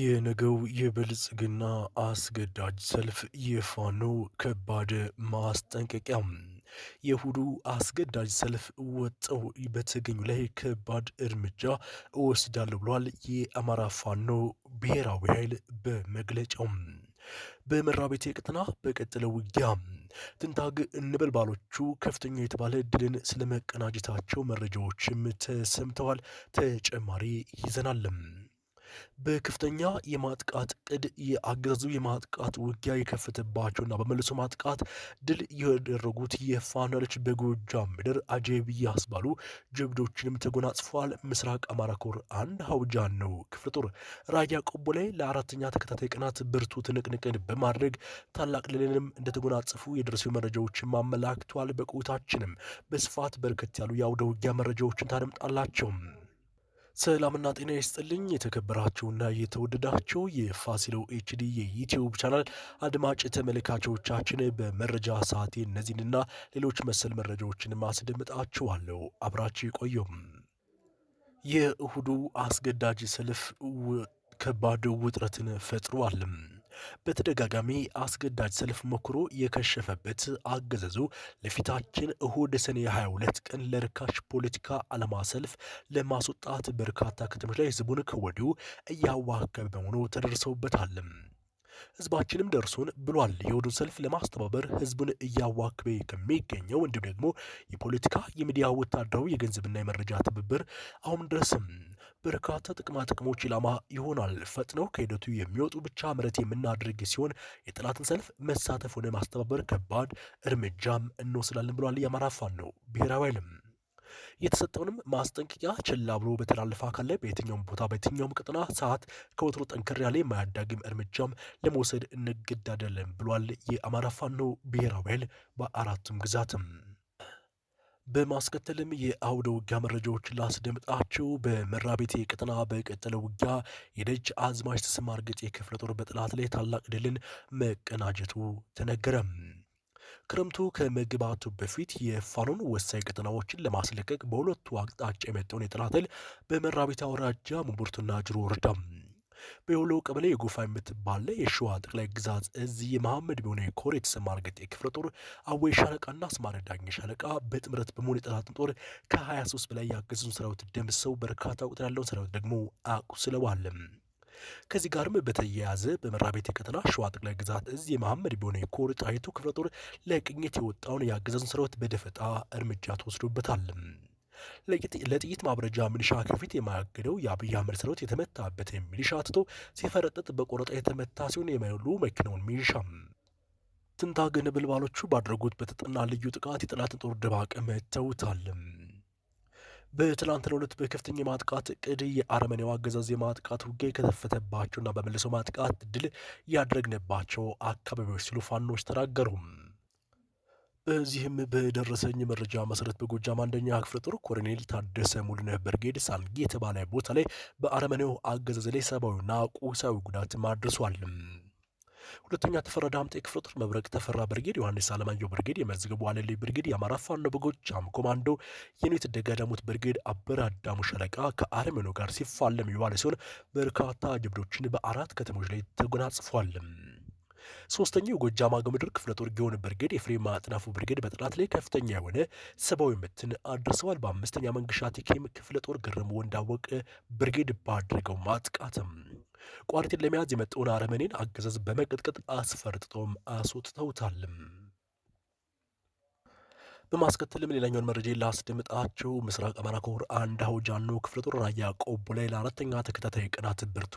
የነገው የብልጽግና አስገዳጅ ሰልፍ የፋኖ ከባድ ማስጠንቀቂያ። የእሁዱ አስገዳጅ ሰልፍ ወጥተው በተገኙ ላይ ከባድ እርምጃ እወስዳለሁ ብሏል የአማራ ፋኖ ብሔራዊ ኃይል በመግለጫው። በመራ ቤቴ ቀጠና በቀጠለው ውጊያ ትንታግ እንበልባሎቹ ከፍተኛ የተባለ ድልን ስለመቀናጀታቸው መረጃዎችም ተሰምተዋል። ተጨማሪ ይዘናለም። በከፍተኛ የማጥቃት ቅድ የአገዛዙ የማጥቃት ውጊያ የከፈተባቸውና በመልሶ ማጥቃት ድል የደረጉት የፋኖች ኃይሎች በጎጃም ምድር አጀብ ያስባሉ ጀብዶችንም ተጎናጽፏል። ምስራቅ አማራ ኮር አንድ ሀውጃን ነው ክፍለ ጦር ራያ ቆቦ ላይ ለአራተኛ ተከታታይ ቀናት ብርቱ ትንቅንቅን በማድረግ ታላቅ ድልንም እንደተጎናጽፉ የደረሱ መረጃዎችን ማመላክቷል። በቆይታችንም በስፋት በርከት ያሉ የአውደ ውጊያ መረጃዎችን ታደምጣላቸው። ሰላምና ጤና ይስጥልኝ የተከበራችሁና የተወደዳችሁ የፋሲሎ ኤችዲ የዩትዩብ ቻናል አድማጭ ተመልካቾቻችን በመረጃ ሰዓቴ እነዚህንና ሌሎች መሰል መረጃዎችን ማስደምጣችኋለሁ። አብራችሁ ቆዩም። የእሁዱ አስገዳጅ ሰልፍ ከባድ ውጥረትን ፈጥሯል። በተደጋጋሚ አስገዳጅ ሰልፍ ሞክሮ የከሸፈበት አገዛዙ ለፊታችን እሁድ ሰኔ 22 ቀን ለርካሽ ፖለቲካ ዓላማ ሰልፍ ለማስወጣት በርካታ ከተሞች ላይ ህዝቡን ከወዲሁ እያዋከበ በመሆኑ ተደርሰውበታል። ህዝባችንም ደርሶን ብሏል። የወዱ ሰልፍ ለማስተባበር ህዝቡን እያዋክበ ከሚገኘው እንዲሁም ደግሞ የፖለቲካ የሚዲያ፣ ወታደራዊ፣ የገንዘብና የመረጃ ትብብር አሁን ድረስም በርካታ ጥቅማ ጥቅሞች ኢላማ ይሆናል። ፈጥነው ከሂደቱ የሚወጡ ብቻ ምረት የምናደርግ ሲሆን የጠላትን ሰልፍ መሳተፍ ሆነ ማስተባበር ከባድ እርምጃም እንወስዳለን ብሏል። የአማራ ፋኖ ነው ብሔራዊ ኃይልም የተሰጠውንም ማስጠንቀቂያ ችላ ብሎ በተላለፈ አካል ላይ በየትኛውም ቦታ በየትኛውም ቅጥና ሰዓት ከወትሮ ጠንከር ያለ የማያዳግም እርምጃም ለመውሰድ እንገዳደለን ብሏል። የአማራ ፋኖ ብሔራዊ ኃይል በአራቱም ግዛትም በማስከተልም የአውደ ውጊያ መረጃዎች ላስደምጣችሁ። በመራ ቤቴ ቀጠና በቀጠለው ውጊያ የደጅ አዝማች ተሰማ እርግጤ ክፍለ ጦር በጠላት ላይ ታላቅ ድልን መቀናጀቱ ተነገረም። ክረምቱ ከመግባቱ በፊት የፋኖን ወሳኝ ቀጠናዎችን ለማስለቀቅ በሁለቱ አቅጣጫ የመጣውን የጠላት ኃይል በመራ አውራጃ ሙምቡርቱና ጅሮ ወረዳ በወሎ ቀበሌ የጎፋ የምትባለ የሸዋ ጠቅላይ ግዛት እዚህ የመሐመድ ቢሆነ ኮር የተሰማ እርገጤ ክፍለ ጦር አወይ ሻለቃና አስማረ ዳኝ ሻለቃ በጥምረት በመሆን የጠላትን ጦር ከ23 በላይ ያገዙን ሰራዊት ደምሰው በርካታ ቁጥር ያለውን ሰራዊት ደግሞ አቁስለዋል። ከዚህ ጋርም በተያያዘ በመራ ቤት ቀጠና ሸዋ ጠቅላይ ግዛት እዝ የመሐመድ ቢሆነ ኮር ጣይቱ ክፍለ ጦር ለቅኝት የወጣውን የአገዛዙን ሰራዊት በደፈጣ እርምጃ ተወስዶበታል። ለጥይት ማብረጃ ሚሊሻ ከፊት የማያግደው የአብይ አህመድ ሰራዊት የተመታበትን ሚሊሻ ትቶ ሲፈረጥጥ በቆረጣ የተመታ ሲሆን የመሉ መኪናውን ሚሊሻ ግን ብልባሎቹ ባድረጉት በተጠና ልዩ ጥቃት የጠላትን ጦር ድባቅ መተውታል። በትላንትናው ዕለት በከፍተኛ የማጥቃት እቅድ የአረመኔው አገዛዝ የማጥቃት ውጊያ የከተፈተባቸውና በመልሶ ማጥቃት ድል ያደረግንባቸው አካባቢዎች ሲሉ ፋኖች ተናገሩም። በዚህም በደረሰኝ መረጃ መሰረት በጎጃም አንደኛ ክፍለ ጦር ኮሎኔል ታደሰ ሙሉነህ ብርጌድ ሳንጌ የተባለ ቦታ ላይ በአረመኔው አገዛዝ ላይ ሰብአዊና ቁሳዊ ጉዳት ማድረሷል። ሁለተኛ ተፈራ ዳምጤ ክፍለ ጦር መብረቅ ተፈራ ብርጌድ፣ ዮሐንስ አለማየሁ ብርጌድ፣ የመዝገቡ አለልይ ብርጌድ፣ የአማራ ፋኖ በጎጃም ኮማንዶ የኔት ደጋዳሙት ብርጌድ አበር አዳሙ ሸለቃ ከአረመኔው ጋር ሲፋለም የዋለ ሲሆን በርካታ ጀብዶችን በአራት ከተሞች ላይ ተጎናጽፏል። ሶስተኛው የጎጃም አገው ምድር ክፍለ ጦር ጊዮን ብርጌድ የፍሬም አጥናፉ ብርጌድ በጠላት ላይ ከፍተኛ የሆነ ሰብአዊ ምትን አድርሰዋል። በአምስተኛ መንግሻት ኬም ክፍለ ጦር ግርም ወንዳወቅ ብርጌድ ባድርገው ማጥቃትም ቋሪትን ለመያዝ የመጣውን አረመኔን አገዛዝ በመቀጥቀጥ አስፈርጥጦም አስወጥተውታልም። በማስከተልም ሌላኛውን መረጃ ላስደምጣችሁ። ምስራቅ አማራ ኮር አንድ አውጃኖ ክፍለ ጦር ራያ ቆቦ ላይ ለአራተኛ ተከታታይ ቀናት ብርቱ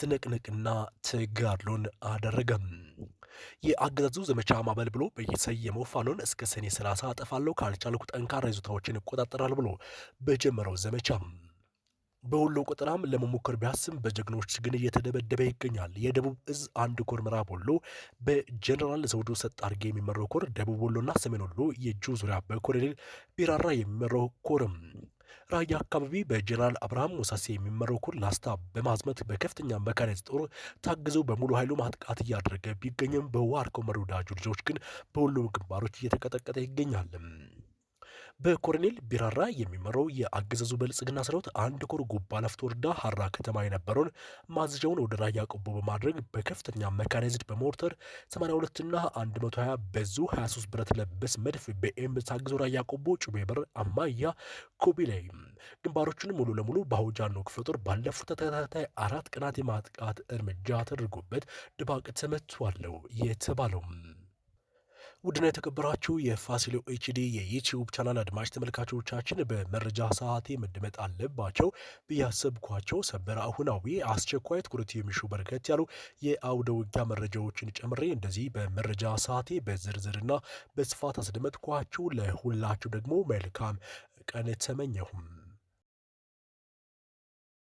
ትንቅንቅና ትጋድሎን አደረገም። የአገዛዙ ዘመቻ ማዕበል ብሎ በየሰየመው ፋኖን እስከ ሰኔ 30 አጠፋለሁ ካልቻልኩ ጠንካራ ይዞታዎችን ይቆጣጠራል ብሎ በጀመረው ዘመቻ በወሎ ቁጥራም ለመሞከር ቢያስም በጀግኖች ግን እየተደበደበ ይገኛል። የደቡብ እዝ አንድ ኮር ምዕራብ ወሎ በጀኔራል ዘውዱ አድርጌ የሚመራው ኮር፣ ደቡብ ወሎና ሰሜን ወሎ የእጁ ዙሪያ በኮሎኔል ቢራራ የሚመራው ኮርም ራያ አካባቢ በጀነራል አብርሃም ሞሳሴ የሚመራው ኩል ላስታ በማዝመት በከፍተኛ መካናይዝድ ጦር ታግዘው በሙሉ ኃይሉ ማጥቃት እያደረገ ቢገኝም በዋርኮ መሮ ዳጁ ልጆች ግን በሁሉም ግንባሮች እየተቀጠቀጠ ይገኛል። በኮሎኔል ቢራራ የሚመራው የአገዛዙ ብልጽግና ሰራዊት አንድ ኮር ጉባ ላፍቶ ወረዳ ሀራ ከተማ የነበረውን ማዝዣውን ወደ ራያ ቆቦ በማድረግ በከፍተኛ መካናይዝድ በሞርተር 82ና 120 በዙ 23 ብረት ለበስ መድፍ በኤም ታግዞ ራያ ቆቦ ጩቤ በር አማያ ኮቢ ላይ ግንባሮችን ሙሉ ለሙሉ በአሁጃኖ ክፍለ ጦር ባለፉት ተከታታይ አራት ቀናት የማጥቃት እርምጃ ተደርጎበት ድባቅ ተመቷለው የተባለው ውድና የተከበራችሁ የፋሲሎ ኤችዲ የዩትዩብ ቻናል አድማጭ ተመልካቾቻችን በመረጃ ሰዓቴ መደመጥ አለባቸው ብያሰብኳቸው ሰበር፣ አሁናዊ፣ አስቸኳይ ትኩረት የሚሹ በርከት ያሉ የአውደ ውጊያ መረጃዎችን ጨምሬ እንደዚህ በመረጃ ሰዓቴ በዝርዝርና በስፋት አስደመጥኳችሁ። ለሁላችሁ ደግሞ መልካም ቀን ተመኘሁም።